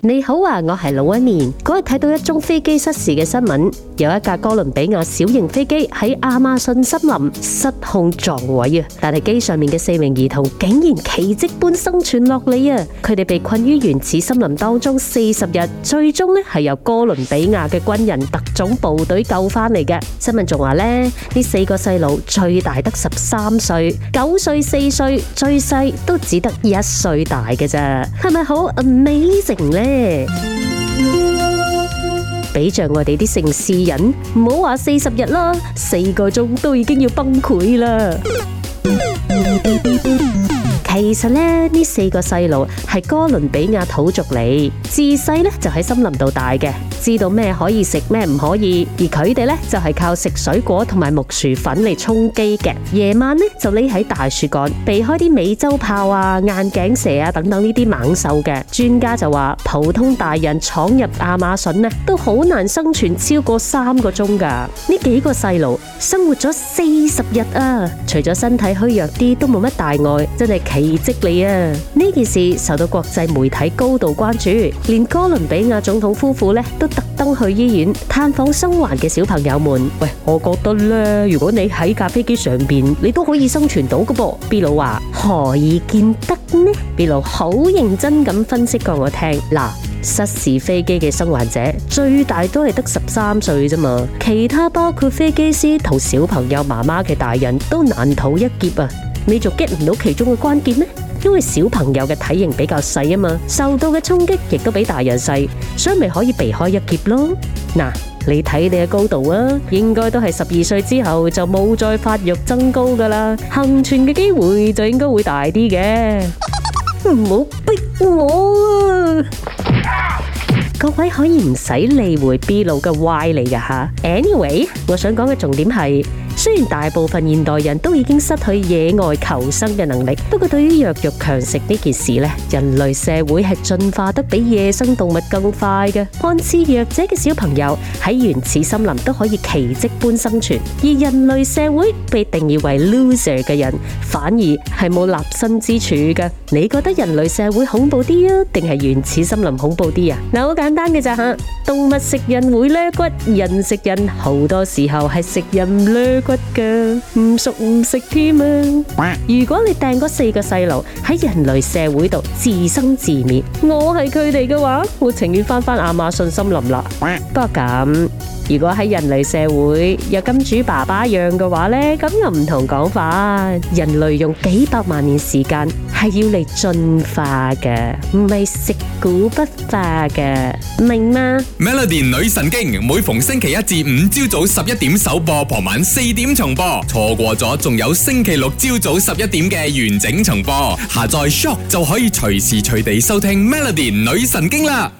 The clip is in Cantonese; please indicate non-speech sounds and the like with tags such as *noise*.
你好啊，我係老一面。嗰日睇到一宗飛機失事嘅新聞，有一架哥倫比亞小型飛機喺亞馬遜森林失控撞毀啊，但係機上面嘅四名兒童竟然奇迹般生存落嚟啊！佢哋被困於原始森林當中四十日，最終咧係由哥倫比亞嘅軍人特種部隊救翻嚟嘅。新聞仲話咧，呢四個細路最大得十三歲，九歲、四歲，最細都只得一歲大嘅啫，係咪好 amazing 咧？俾着我哋啲城市人，唔好話四十日啦，四個鐘都已經要崩潰啦。 *music* 其實咧，呢四個細路係哥倫比亞土族嚟，自細咧就喺森林度大嘅。知道咩可以食咩唔可以，而佢哋咧就係靠食水果同埋木薯粉嚟充飢嘅。夜晚咧就匿喺大樹幹，避開啲美洲豹啊、眼鏡蛇啊等等呢啲猛獸嘅。專家就話，普通大人闖入亞馬遜呢，都好難生存超過三個鐘噶。呢幾個細路生活咗四十日啊，除咗身體虛弱啲，都冇乜大礙，真係奇迹嚟啊！呢件事受到國際媒體高度關注，連哥倫比亞總統夫婦咧特登去醫院探訪生還嘅小朋友們。喂，我覺得呢，如果你喺架飛機上邊，你都可以生存到嘅噃。B 佬話何以見得呢？B 佬好認真咁分析過我聽。嗱，失事飛機嘅生還者最大都係得十三歲啫嘛，其他包括飛機師同小朋友媽媽嘅大人都難逃一劫啊。你仲 get 唔到其中嘅關鍵咩？因為小朋友嘅體型比較細啊嘛，受到嘅衝擊亦都比大人細，所以咪可以避開一劫咯。嗱，你睇你嘅高度啊，應該都係十二歲之後就冇再發育增高噶啦，幸存嘅機會就應該會大啲嘅。唔好逼我啊！各位可以唔使理會 B 佬嘅歪理噶吓。Anyway，我想講嘅重點係。雖然大部分現代人都已經失去野外求生嘅能力，不過對於弱肉強食呢件事咧，人類社會係進化得比野生動物更快嘅。看似弱者嘅小朋友喺原始森林都可以奇蹟般生存，而人類社會被定義為 loser 嘅人，反而係冇立身之處嘅。你覺得人類社會恐怖啲啊，定係原始森林恐怖啲啊？嗱，好簡單嘅咋吓，動物食人會虐骨，人食人好多時候係食人虐骨。不噶，唔熟唔食添啊！如果你掟嗰四個細路喺人類社會度自生自滅，我係佢哋嘅話，我情願返返亞馬遜森林啦。不過咁。如果喺人類社會有金主爸爸養嘅話呢咁又唔同講法。人類用幾百萬年時間係要嚟進化嘅，唔係食古不化嘅，明嗎？Melody 女神經每逢星期一至五朝早十一點首播，傍晚四點重播，錯過咗仲有星期六朝早十一點嘅完整重播。下載 SYOK 就可以隨時隨地收聽 Melody 女神經啦。